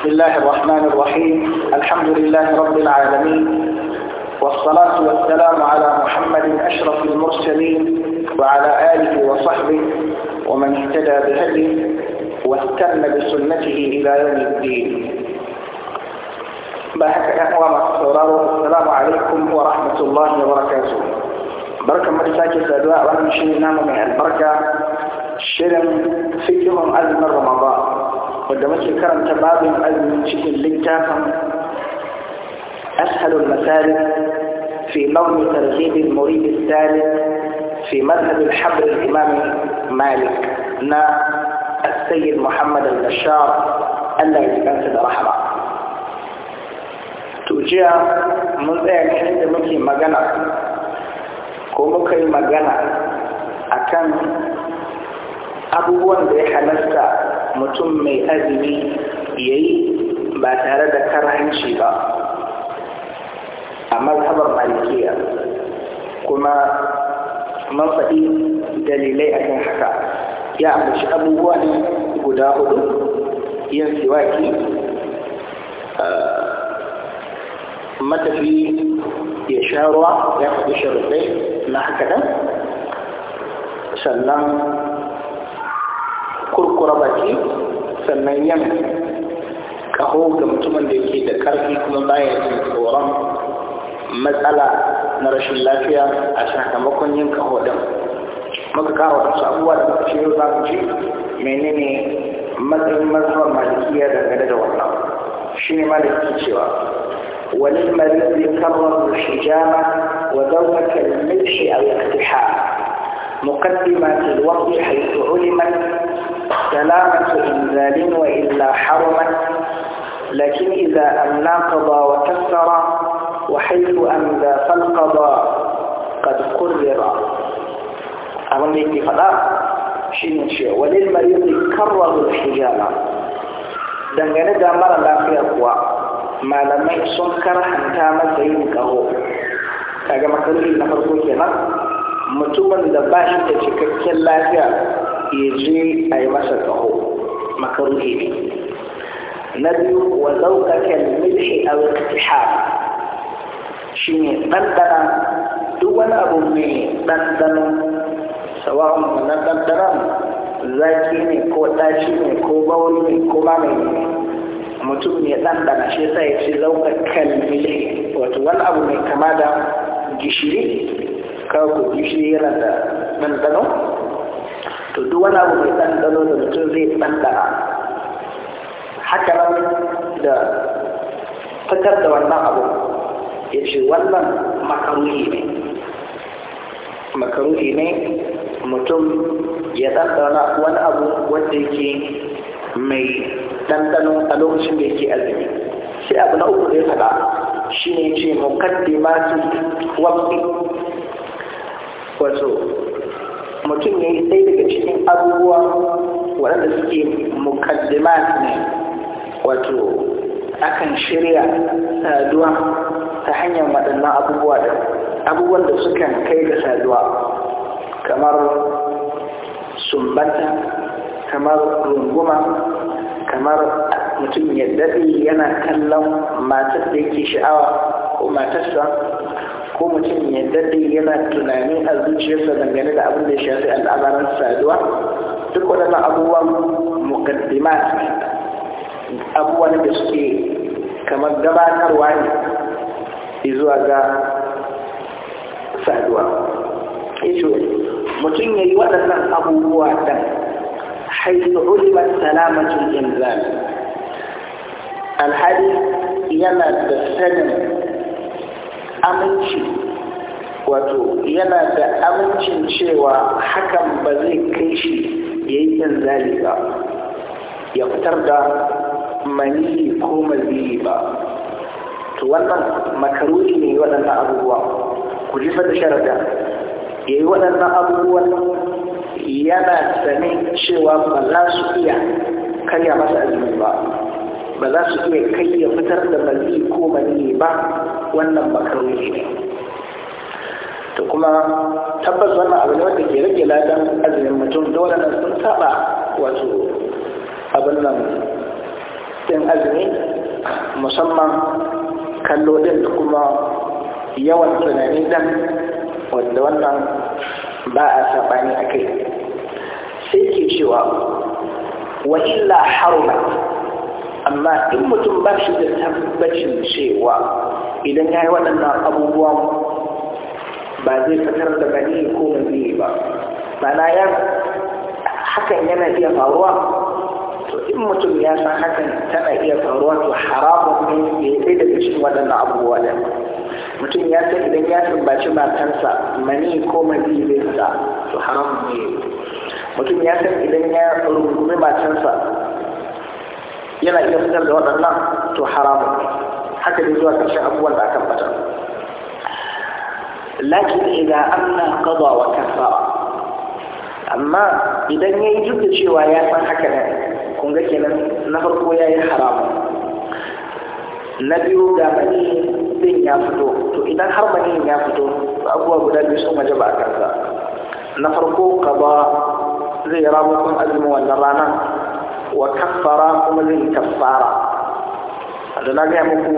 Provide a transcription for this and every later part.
بسم الله الرحمن الرحيم الحمد لله رب العالمين والصلاة والسلام على محمد أشرف المرسلين وعلى آله وصحبه ومن اهتدى بهديه واستنى بسنته إلى يوم الدين السلام عليكم ورحمة الله وبركاته بركة مرساكي سادواء وانا شيء من البركة شرم يوم أزمة رمضان wadda muke karanta babin azumi cikin littafin أسهل المسالك في نظم ترغيب المريد الثالث في مذهب الحبر الإمام مالك نا السيد محمد البشار ألا يتكنس رحمة توجيه من ذلك عند مكي مغنى كومكي مغنى أكن abubuwan da ya halasta mutum mai azumi ya yi ba tare da karhanci ba a mazhabar malikiya kuma mafaɗi faɗi dalilai akan haka ya ambaci abubuwa ne guda hudu yin siwaki eh, matafi ya sha ruwa ya faɗi sharuɗai na haka nan sannan kurkura baki sannan yan kaho ga mutumin da yake da karfi kuma baya jin tsoron matsala na rashin lafiya a sakamakon yin kaho din muka kawo wasu abubuwa da muka ce za ku ci menene matsayin mazhabar malikiya dangane da wannan shi ne maliki cewa wani marisi karrar shijama wa zauna kalmishi a yaktiha مقدمة الوقت حيث علمت سلامة إنزال وإلا حرما لكن إذا أملا قضى وكسر وحيث أن ذا فالقضى قد قرر أمن لي قضاء شيء من شيء وللمريض كرر الحجامة دنجنة دمر لا في أقوى ما لم يحصل كره أن تام زين كهو كما كان في النهار كنا متوما دباش تشكك لا ya je a yi masa taho makaruhi ne na biyu wa zaukakan milhi a wiktiha shi ne ɗanɗana duk wani abu mai ɗanɗano sawa'un na ɗanɗana. zaki ne ko ɗaci ne ko bauli ne ko ma mai ne mutum ne ɗanɗana shi sa ya ce zaukakan milhi wato wani abu mai kama da gishiri kawo gishiri yana da ɗanɗano to duk wani abu mai ɗanɗano da mutum zai ɗanɗana haka nan da fitar da wannan abu ya ce wannan makaruhi ne makaruhi ne mutum ya dandana wani abu wanda yake mai ɗanɗano a lokacin da yake azumi sai abu na uku da ya faɗa shi ne ce mukaddimatu wasu wato mutum ya yi ɗaya daga cikin abubuwa waɗanda suke mukaddima ne wato akan shirya saduwa ta hanyar waɗannan abubuwa da abubuwan da suka kai da saduwa kamar sumbata kamar runguma kamar mutum ya daɗe yana kallon matar da yake sha'awa ko matarsa ko mutum ya daɗe yana tunani a zuciyarsa dangane da abin da ya shafi al'amarin saduwa duk wadanda abubuwan mukaddima abubuwan da suke kamar gabatarwa ne zuwa ga saduwa ito mutum ya yi waɗannan abubuwa ɗan haifin ulimar salamatin yanzu. alhali yana da sanin aminci wato yana da amincin cewa hakan ba zai kai shi ya yi zali ba ya fitar da maniyi ko maziyi ba to wannan makaruri ne waɗannan abubuwa ku ji fa da sharada ya yi waɗannan abubuwan yana sane cewa ba za su iya karya masa azumi ba ba za su iya kai ya fitar da mazi ko maniyi ba wannan makaruni ne to kuma tabbas wannan abu ne wanda ke rage ladan azumin mutum dole nan sun saba wato abin nan din azumi musamman kallo din da kuma yawan tunani dan wanda wannan ba a saɓani a kai sai ke cewa wa illa haruna. amma in mutum ba shi da tabbacin cewa idan ya yi waɗannan abubuwa ba zai fitar da gani ko mazi ba mana yan hakan yana iya faruwa to in mutum ya san hakan tana iya faruwa to haramun ne ya yi daga cikin waɗannan abubuwa da mutum ya san idan ya sumbaci matansa mani ko mazi zai sa to haramun ne mutum ya san idan ya rungumi matansa yana iya fitar da waɗannan to haramun ne حتى بدوا تشاء أول بعد فترة لكن إذا أمن قضى وكفر أما إذا يجب شوايات من حكنا كن لكنا نهر قوياي حرام نبي دامني بين يافتو تو إذا حرمني يافتو فأبوا بلا بيسو مجبع كذا. نفرقو قضاء زي رابكم أزموا النرانا وكفرا هم الذين كفارا, da na gaya muku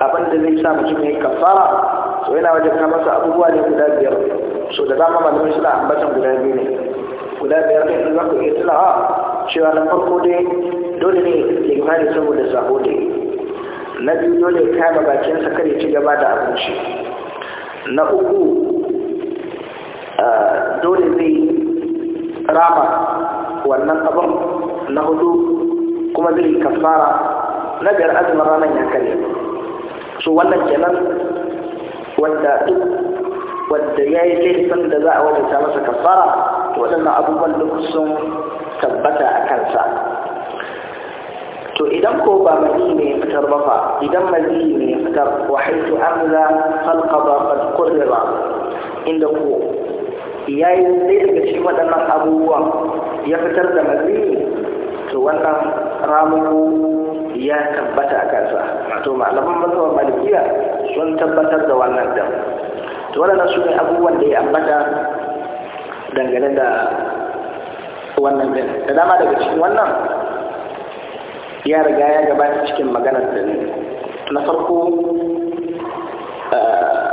abin da zai sa mutum ya kafara so yana wajen ka masa abubuwa ne guda biyar so da dama malamai suna ambatan guda biyu ne guda biyar ne za ku iya tilawa cewa na farko dai dole ne ya mani saboda sabo dai na biyu dole ya kama bakin sa ya ci gaba da abinci na uku dole zai rama wannan abin na hudu kuma zai kafara na biyar azumin ranar ya kare su wannan kenan wanda duk wanda ya yi laifin da za a wajenta masa kafara to waɗannan abubuwan duk sun tabbata a kansa to idan ko ba mai ne fitar ba fa idan mai ne fitar wa haitu amza halqa ba qad qurra inda ko yayi sai daga shi waɗannan abubuwan ya fitar da mali to wannan ramu ya tabbata a kansa wato malaman mazhaban malikiya sun tabbatar da wannan dam to na su ne abubuwan da ya ambata dangane da wannan din da dama daga cikin wannan ya riga ya gabata cikin maganar da na farko eh,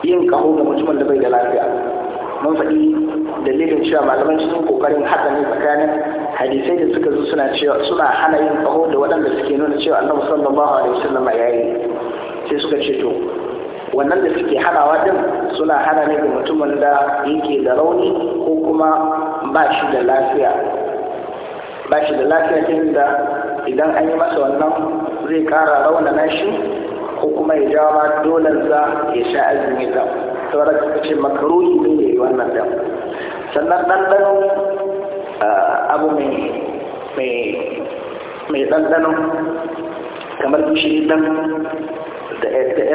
yin kaho ga mutumin da bai da lafiya mun faɗi dalilin cewa malaman cikin kokarin haɗa ne tsakanin hadisai da suka zo suna cewa suna hana yin tsaho da waɗanda suke nuna cewa annabi sallallahu alaihi wasallam ya yi sai suka ce to wannan da suke hanawa din suna hana ne ga mutumin da yake da rauni ko kuma ba shi da lafiya ba shi da lafiya ta da idan an yi masa wannan zai ƙara raunana shi ko kuma ya jawo ma dolar za ya sha azumi ta saboda suka ce makaruhi ne ya yi wannan din sannan ɗanɗano. Ah, abu mai ɗanɗano kamar gishiri ɗan da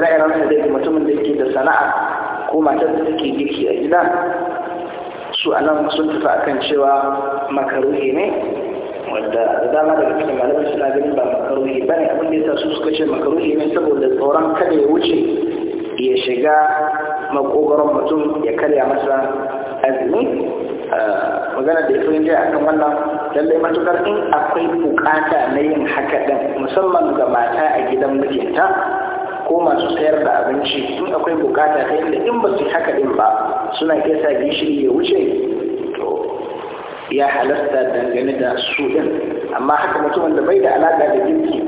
ire su da mutumin da yake da sana'a ko matar da take girki a gida su anan sun tafi a kan cewa makaruhi ne wadda da dama daga cikin malamai suna ganin ba makaruhi ba ne abin ya su suka ce makaruhi ne saboda tsoron kada ya wuce ya shiga makogaron mutum ya karya masa azumi Eh, magana da ya jiya akan wannan lallai matukar in akwai bukata na yin haka din musamman ga mata a gidan mijinta ko masu sayar da abinci in akwai bukata ta yadda in ba su haka din ba suna iya sa gishiri ya wuce to ya halasta dangane da su ɗin amma haka mutumin da bai da alaƙa da girki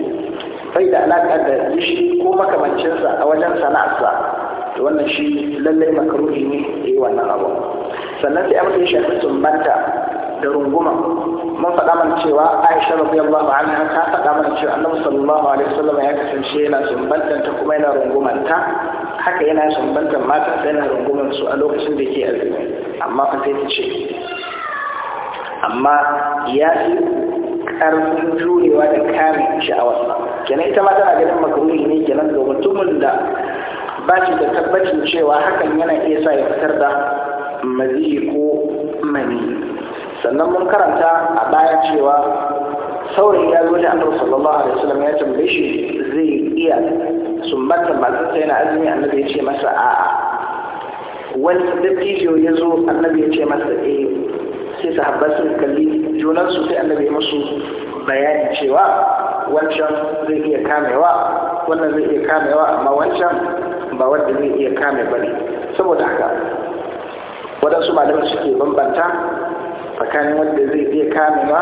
bai da alaƙa da gishiri ko makamancinsa a wajen sana'arsa to wannan shi lallai makaruhi ne ya yi wannan abu sannan sai abin da ya shafi sumbanta da runguma mun faɗa mana cewa Aisha radiyallahu an ta faɗa mana cewa Annabi sallallahu alaihi wasallam ya kasance yana sumbantan ta kuma yana runguman ta haka yana sumbantan mata sai yana runguman su a lokacin da ke azumi amma fa sai ta ce amma ya fi ƙarfin jurewa da kare sha'awarsa kenan ita ma tana ganin makaruhi ne kenan domin mutumin da ba shi da tabbacin cewa hakan yana iya sa ya fitar da mazi ko mani sannan mun karanta a baya cewa saurayi ya zo da rasu sallallahu alaihi wasallam ya tambaye shi zai iya masu sai na azumi annabi ya ce masa a'a wani dattijo ya zo annabi ya ce masa eh sai sahabbai sun kalli junansu sai annabi ya musu bayani cewa wancan zai iya kamewa wannan zai iya kamewa amma wancan ba wanda zai iya kame bane saboda haka waɗansu malamai suke bambanta tsakanin wanda zai iya kamewa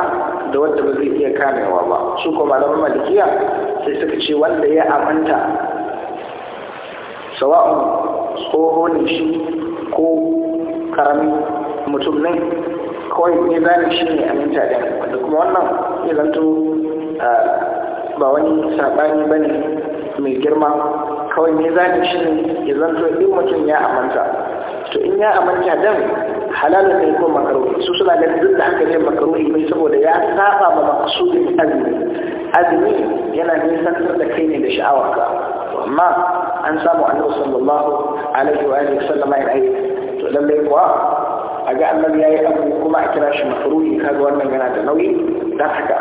da wanda ba zai iya kamewa ba su ko malaman malikiya sai suka ce wanda ya amanta sawa'un tsoho ne shi ko karami mutum ne kawai ne zane shi ne aminta da wanda kuma wannan ya zanto ba wani saɓani ba ne mai girma kawai ne zane shi ne ya zanto in mutum ya amanta to in ya amanta dan halalun ne ko makaruhi su suna ganin duk da aka ce makaruhi ne saboda ya saba ma maqsudin azmi azmi yana nisantar da kai ne da sha'awarka amma an samu annabi sallallahu alaihi wa alihi sallama ya yi to lalle kuwa a ga annabi yayi abu kuma a kira shi makaruhi kaga wannan yana da nauyi dan haka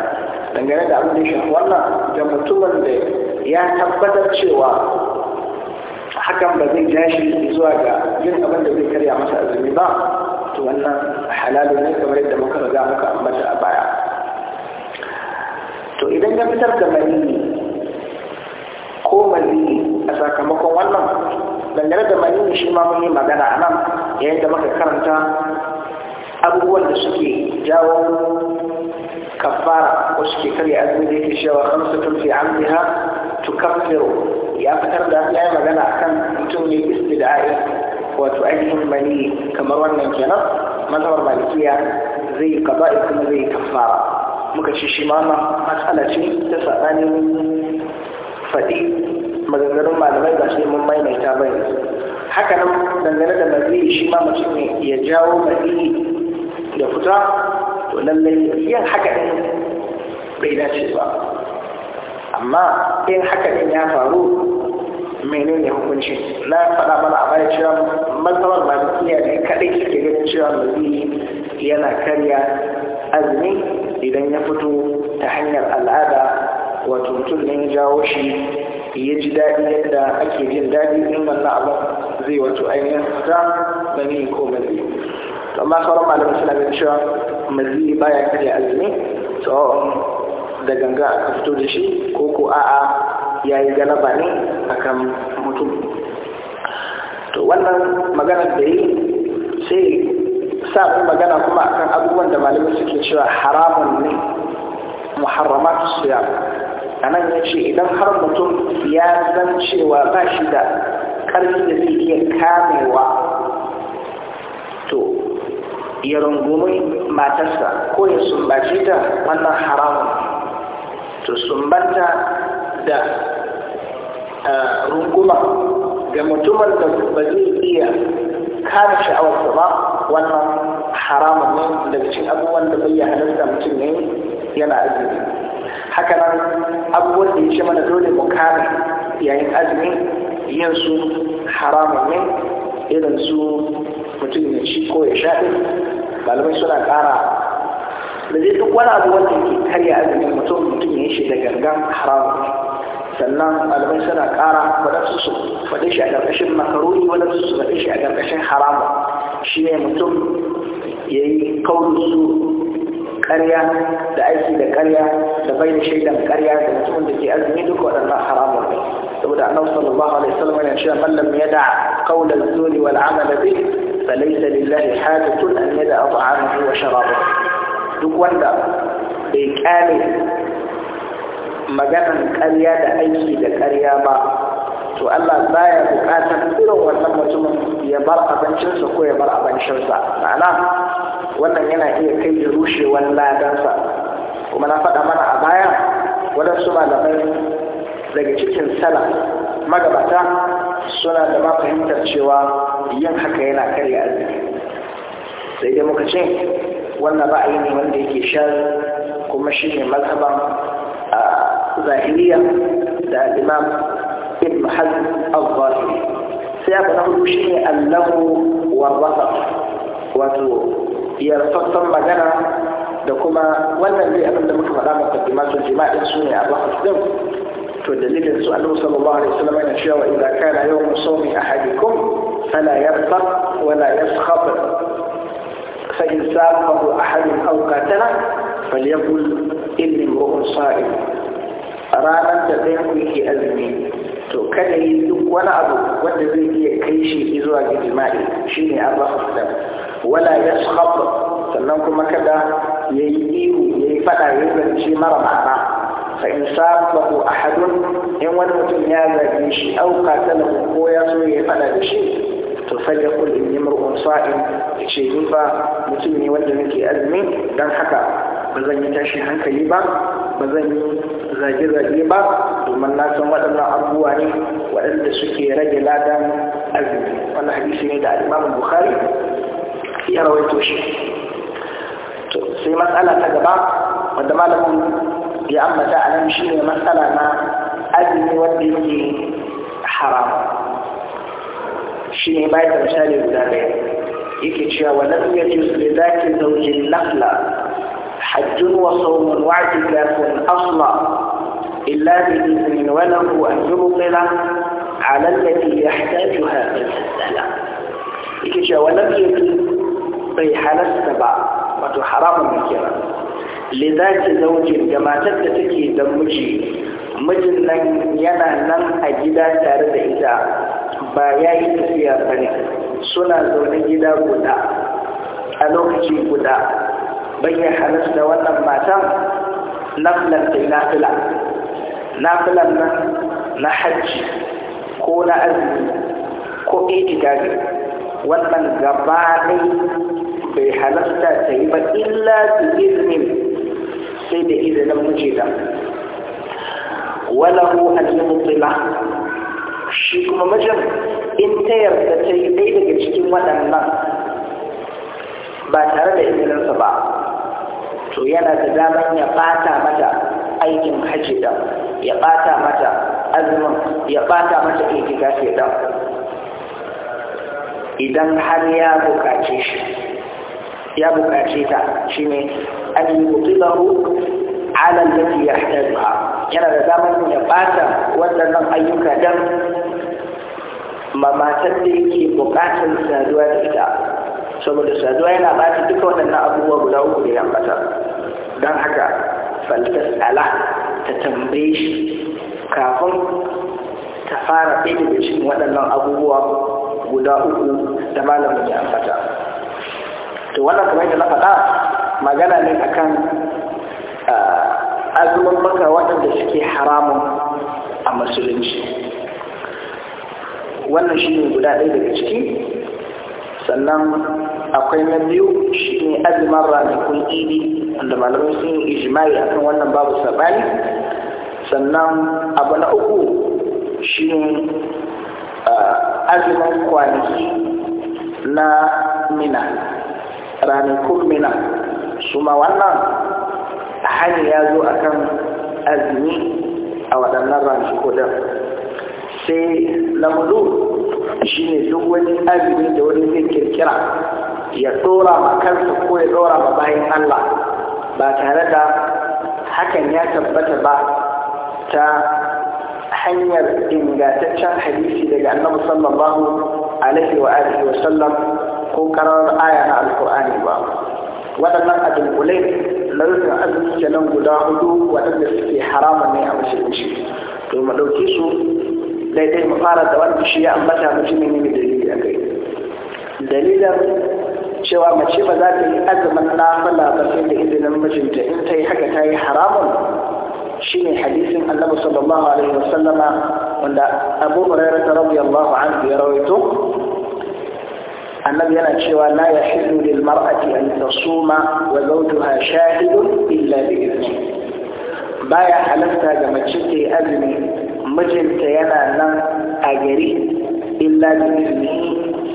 dangane da abin da ya shafi wannan da mutumin da ya tabbatar cewa hakan ba zai tashi zuwa ga yin abin da zai karya masa azumi ba to wannan halalu ne kamar yadda muka riga muka ambata a baya to idan ya fitar da maniyyi ko maniyyi a sakamakon wannan dangane da maniyyi shi ma mun yi magana a nan yayin da muka karanta abubuwan da suke jawo kafara ko suke karya azumi da yake cewa kamsa tun fi amdiha tukaffiru ya fitar da ya magana kan mutum ne istida'i wato ainihin mani kamar wannan kenan mazhabar malikiya zai kaba'i kuma zai kafara muka ci shi ma matsala ce ta tsakanin faɗi maganganun malamai ba sai mun maimaita ba ne. haka nan dangane da mazi shi ma mutum ne ya jawo mazi da fita to lallai yin haka ɗin bai dace ba amma in haka ne ya faru menene hukunci na faɗa mana a bayan cewa matsalar iya ne kaɗai ke ganin cewa mazi yana karya azumi idan ya fito ta hanyar al'ada wato mutum ne ya jawo shi ya ji daɗi yadda ake jin daɗi in wannan abin zai wato ainihin fita ni ko mazi amma sauran malamai suna ganin cewa mazi baya karya azumi tsawon da ganga aka fito da shi ko ko a'a ya yi galaba ne akan mutum to wannan magana da yi sai sa magana kuma akan abubuwan da malamai suke cewa haramun ne muharramat suya a nan ya ce idan har mutum ya zan cewa ba shi da ƙarfi da zai iya kamewa to ya rungumi matarsa ko ya sumbace ta wannan haramun wato sumbanta da runguma ga mutumin da ba zai iya kare sha'awarsa ba wannan haramun ne daga cikin abubuwan da bai halarta mutum ne yana azumi haka nan abubuwan da ya ce mana dole mu kare yayin azumi yin su haramun ne irin su mutum ya ci ko ya sha malamai suna ƙara da zai duk wani abu wanda yake karya azumin mutum mutum ya yi shi da gangan haramun sannan malamai suna ƙara waɗansu su faɗe shi a ƙarƙashin makaroni waɗansu su faɗe shi a ƙarƙashin haramun shi ne mutum ya yi kaurinsu ƙarya da aiki da ƙarya da bai da shaidan ƙarya da mutumin da ke azumi duk waɗannan haramun ne saboda annabi sallallahu alaihi wasallam yana cewa man lam yada qawla az-zuri wal 'amala bih falaysa lillahi hajatun an yada ta'amahu wa sharabahu duk wanda bai kyale maganan ƙarya da aiki da ƙarya ba to Allah baya buƙatar irin wannan mutumin ya bar abincinsa ko ya bar abincinsa ma'ana wannan yana iya kai da rushewar ladansa kuma na faɗa mana a baya waɗansu malamai daga cikin sala magabata suna da mafahimtar cewa yin haka yana karya arziki sai dai muka ce wannan ra'ayi ne wanda yake shan kuma shi ne mazhaban zahiriya da imam ibn hazm al-zahiri sai abu na hudu shi ne allahu warwasa wato yarfassan magana da kuma wannan dai abin da muka faɗa maka jima'a jima'in su ne a bakas din to dalilin su annabi sallallahu alaihi wasallam yana cewa idza kana yawm sawmi ahadikum fala yarfa wala yaskhab فإن ساقه أحد أو قاتله فليقل إني امرؤ صائم ranar da zai kuke azumi to kada yi duk wani abu wanda zai iya kai shi zuwa ga jima'i shine arrafa da wala yaskhab sannan kuma kada yayi ihu yayi fada yayi zance mara ma'ana fa in sabahu ahadun in wani mutum ya zage shi au ko ya so ya faɗa da shi to falle kul in yamru'un sa'in yace ni ba mutum ne wanda nake azumi dan haka ba zan yi tashi hankali ba ba zan yi zage-zage ba domin na san waɗannan abubuwa ne waɗanda suke rage ladan azumi wannan hadisi ne da al'imamu bukhari ya rawaito shi to sai matsala ta gaba wanda malamin ya ambata a nan shi ne matsala na azumi wanda yake harama. shi ne bai da misali guda ɗaya yake cewa wa lam yajuz li da zawjin nafla hajjun wa sawmun wa i'tikafun asla illa bi idhnin wa lahu an yubtila ala allati yahtajuha min as-salam yake cewa wannan ya ce bai halasta ba wato haramun ne kira li dhati zawjin da matar da take da miji mijin nan yana nan a gida tare da ita ba ya yi tafiya ba ne suna zaune gida guda a lokaci guda bayan halasta wannan matan Na na da na nafilan nan na hajji ko na azumi ko gari. wannan gaba ne bai halasta ta yi ba illa su izinin sai da izinin mijina walahu al-mutila shi kuma mijin in ta yarda ta yi ɗaya daga cikin waɗannan ba tare da izininsa ba to yana da daman ya ɓata mata aikin hajji ɗan, ya ɓata mata azumin ya ɓata mata aiki itikafi ɗan. idan har ya buƙace shi ya buƙace ta shine an yutilahu ala allati yahtajuha yana da daman ya ɓata waɗannan ayyuka dan ma matar da yake bukatar saduwa da ita saboda saduwa yana bata duka waɗannan abubuwa guda uku da ya ambata don haka ala ta tambaye shi kafin ta fara ɗaya daga cikin waɗannan abubuwa guda uku da malamin ya ambata to wannan kamar da na faɗa magana ne akan ah, azumin baka waɗanda suke haramun a musulunci wannan shi ne guda ɗaya daga ciki sannan akwai na biyu shi ne azumin ranakun idi wanda malamai sun yi ijimai a kan wannan babu sabani sannan abu na uku shi ne azumin kwanaki na mina ranakun mina su ma wannan hanyar ya zo akan azumi a waɗannan ranakun sai shi ne duk wani azumi da wani zai kirkira ya tsora ma kansa ko ya tsora ma bayan Allah ba tare da hakan ya tabbata ba ta hanyar ingantaccen hadisi daga annabi sallallahu alaihi wa alihi wa sallam ko karar aya na alkur'ani ba waɗannan adulkulai larukan azumi kenan guda hudu waɗanda suke haramun ne a musulunci to mu ɗauke su daidai mu fara da wanda shi ya ambata mutumin ne dalili a kai cewa mace ba za ta yi azumin nafila ba sai da izinin mijinta in ta yi haka ta yi haramun shine hadisin annabi sallallahu alaihi wasallama wanda abu hurairah radiyallahu anhu ya rawaito النبي أنا شوى لا يحل للمرأة أن تصوم وزوجها شاهد إلا بإذنه بايع حلفتها كما تشتي azumi. mijinta yana nan a gari illa da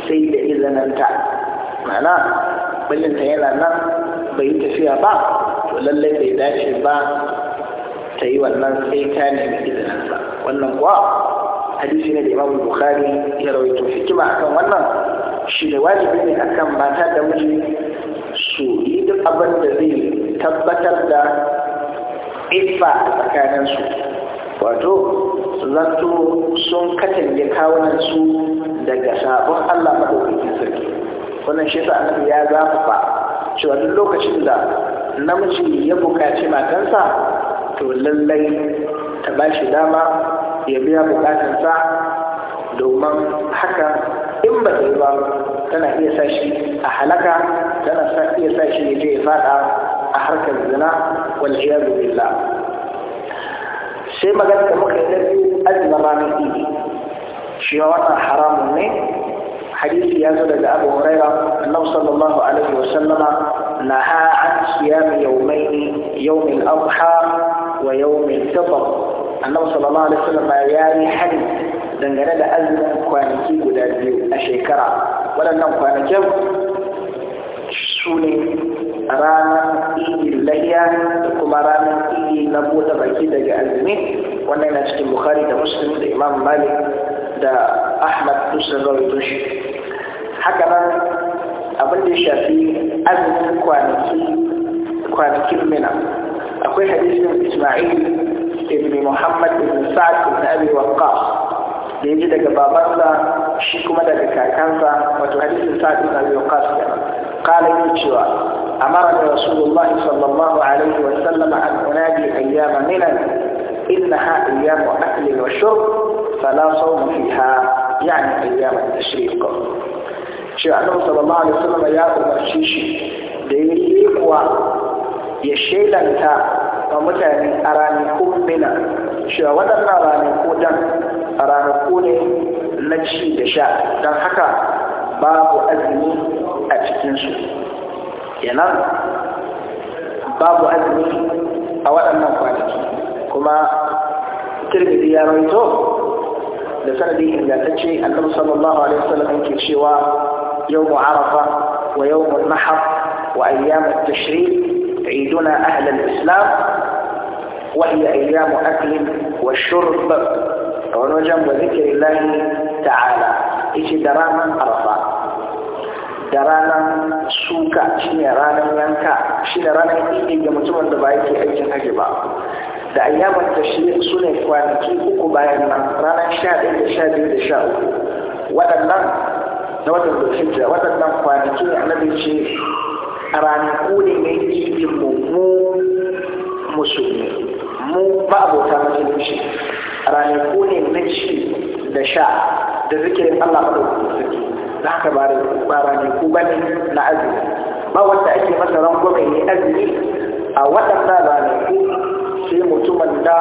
sai da izininta mana mijinta yana nan bai tafiya ba to lallai bai dace ba ta yi wannan sai ta nemi izininsa wannan kuwa hadisi ne da imam bukhari ya rawaito hikima akan wannan shi da wajibi ne akan mata da miji su yi duk abin da zai tabbatar da ifa a tsakaninsu wato su zanto sun katange kawunan su daga sabon Allah madaukakin sarki wannan shi annabi ya zafafa cewa duk lokacin da namiji ya buƙaci matansa to lallai ta ba shi dama ya biya buƙatarsa domin haka in ba zai ba tana iya sa shi a halaka tana iya sa shi ya je ya fada a harkar zina wal iyadu billah sai magana da muka yi أجمع رامي إيه حرام مني حديث يازل أبو هريرة أنه صلى الله عليه وسلم نهى عن صيام يومين يوم الأضحى ويوم الفطر أنه صلى الله عليه وسلم يالي حديث dangane da أزمة kwanaki guda biyu a shekara waɗannan شوني ranar idi layya da kuma ranar idi na bude baki daga azumi wannan yana cikin bukhari da muslim da imam malik da ahmad dusan rawaito shi haka nan abin da ya shafi azumin kwanaki kwanakin mina akwai hadisin isma'il ibn muhammad ibn sa'ad ibn abi waqqas da ya ji daga babansa shi kuma daga kakansa wato hadisin sa'ad ibn abi waqas قال yake cewa أمرني رسول الله صلى الله عليه وسلم أن أنادي أيام منى إنها أيام أكل وشرب فلا صوم فيها يعني أيام التشريق شيء صلى الله عليه وسلم يا الشيشي ديريك ويشيلنك ومتعني أرانيكم منا شيء ودن أرانيكو دن أرانيكو na ci da sha don haka babu azumi kenan babu azumi a waɗannan kwanaki kuma tirmidhi ya rawaito da sanadin ingantacce annabi sallallahu alaihi wasallam yake cewa yawm arafa wa yawm an-nahr wa ayyam at-tashrik عيدنا أهل الإسلام وهي أيام أكل والشرب ونجم وذكر الله تعالى إيش دراما عرفة da ranar shi shine ranar yanka ne ranar idi ga mutumin da ba yake aikin haji ba da ayyamar da shi su ne kwanaki uku bayan nan ranar sha ɗaya da sha biyu da sha uku waɗannan na watan zulhijja waɗannan kwanaki ne annabi ce a ranaku ne mai idin mu mu musulmi mu ba abota musulunci ranaku ne mai ci da sha da zikirin allah maɗaukakin sarki da haka ba ne ku ba na azumi ba wanda ake masa rangwame ne azumi a waɗanda ranaku sai mutumin da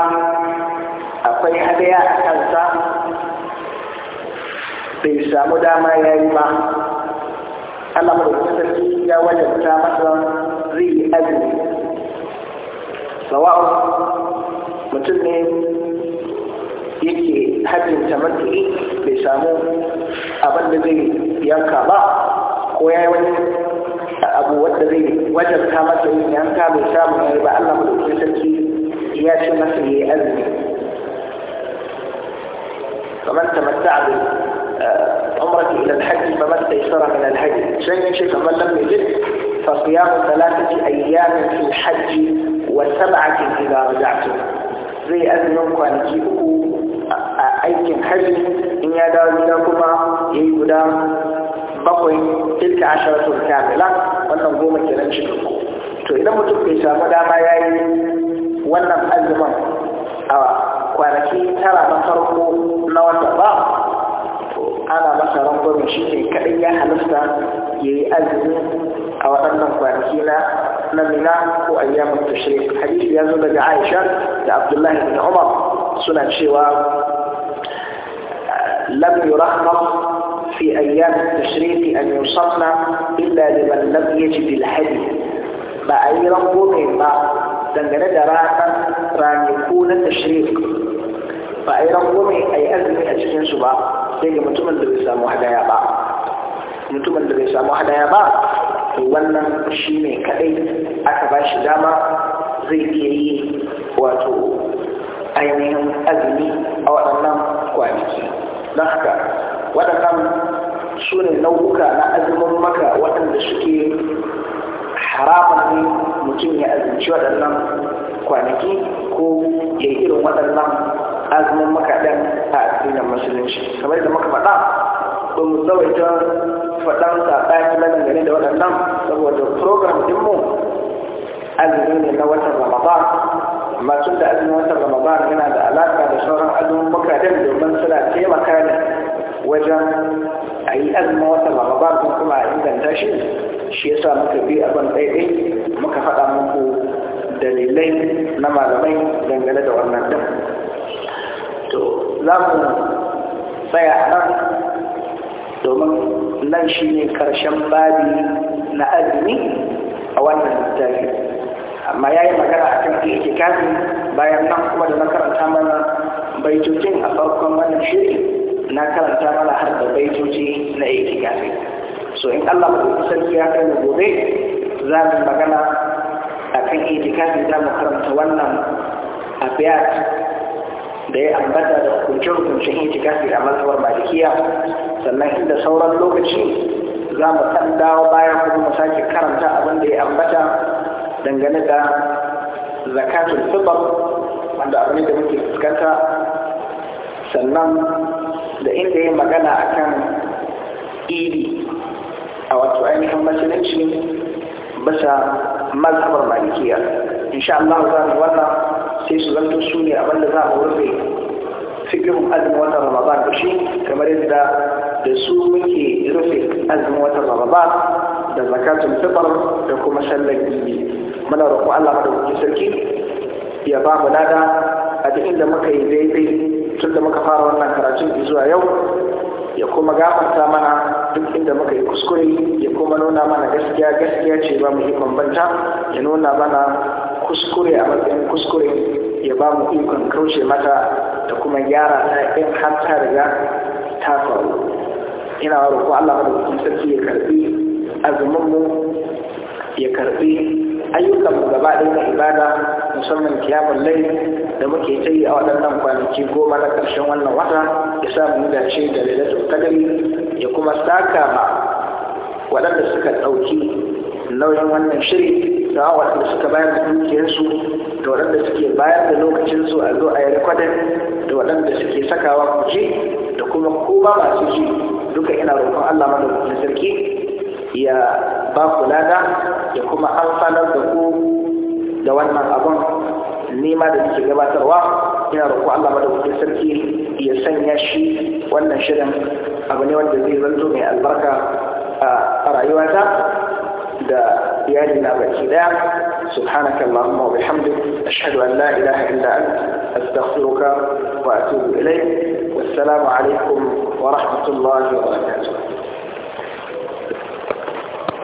akwai hadaya a kansa bai samu dama ya yi ba Allah mai sarki ya wajabta masa zai yi azumi sawa'un mutum ne yake hajjin tamattu'i bai samu abin da zai yanka ba ko ya yi wani abu wanda zai wajabta masa yin yanka bai samu ya yi ba Allah madaukakin sarki ya ce masa ya yi azumi kamar tamatta'a عمرة إلى الحج فما استيسر من الحج شيء شيء فمن لم يجد فصيام ثلاثة أيام في الحج وسبعة إذا رجعتم زي أذنكم أن تجيبوا bakwai tilka asharatun kamila wannan goma kenan cikin to idan mutum bai samu dama ya yi wannan azumin a kwanaki tara na farko na wata ba to ana masa rangwamin shi ne kaɗai ya halasta ya yi azumi a waɗannan kwanaki na na mina ko ayyamin tashirik hadisi ya zo daga aisha da abdullahi bin umar suna cewa lam yurahmar في أيام التشريق أن يصلى إلا لمن لم يجد الحديث بأي رب ما دنجنا دراسة ران يكون التشريق بأي رب أي أذن أجلين سبا لكن متوما دلسا موحدة يا با متوما دلسا موحدة يا با wannan shi ne kaɗai aka ba shi dama zai iya yi wato ainihin azumi a waɗannan kwanaki don waɗannan su ne nau'uka na azumin maka waɗanda suke haramun ne mutum ya azumci waɗannan kwanaki ko ya yi irin waɗannan azumin maka ɗin a addinin musulunci kamar da muka faɗa domin mu ta faɗan saɓa saɓani na dangane da waɗannan saboda program ɗinmu azumi ne na watan ramadan amma tun da azumin watan ramadan yana da alaƙa da sauran azumin maka ɗin domin suna taimaka ne wajen a yi azumin wata ramadan kun kuma a inganta shi shi yasa muka bi abin ɗaiɗai muka faɗa muku dalilai na malamai dangane da wannan ɗin to za mu tsaya a nan domin nan shi ne ƙarshen babi na azumi a wannan littafi amma ya yi magana a kan kafin bayan nan kuma da na karanta mana baitocin a farkon wannan shirin na karanta mana har da baitoci na itikafi so in Allah ba sarki ya kai gobe za mu magana akan itikafi za mu karanta wannan abiyat da ya ambata da hukunce hukuncin itikafi a matsawar malikiya sannan inda sauran lokaci za mu san dawo bayan kuma mu sake karanta abin da ya ambata dangane da zakatul fitr wanda abin da muke fuskanta sannan da inda ya magana akan iri a wato ainihin musulunci bisa mazhabar malikiya insha Allah za mu wannan sai su zanto su ne abinda za mu rufe fikirin azumin watan Ramadan da shi kamar yadda da su muke rufe azumin watan Ramadan da zakatun fitar da kuma sallar idi muna roƙo Allah madaukakin sarki ya ba mu lada a cikin da muka yi daidai tun da muka fara wannan karatun zuwa yau ya kuma gafarta mana duk inda muka yi kuskure ya kuma nuna mana gaskiya gaskiya ce ba mu yi bambanta, ya nuna mana kuskure a matsayin kuskure ya ba mu ikon kaushe mata da kuma gyara ta in har ta riga ta faru ina wa roƙo Allah sarki ya karbi azumin mu ya karbi ayyukan mu gaba ɗaya na ibada musamman kiyamun lai da muke ta yi a waɗannan kwanaki goma na ƙarshen wannan wata ya sa mu dace da lailatul qadari ya kuma saka ma waɗanda suka ɗauki nauyin wannan shiri da waɗanda suka bayar da dukiyarsu da waɗanda suke bayar da lokacinsu a zo a yi rikwadin da waɗanda suke sakawa kuje da kuma kuma masu ji duka ina roƙon Allah madaukakin sarki ya ba ku lada ya kuma amfanar da ku da wannan abun nema da take gabatarwa ina roƙo Allah madaukakin sarki ya sanya shi wannan shirin abu ne wanda zai zanto mai albarka a rayuwata da iyali na baki daya سبحانك اللهم وبحمدك أشهد أن لا إله إلا أنت أستغفرك وأتوب إليك والسلام عليكم ورحمة الله وبركاته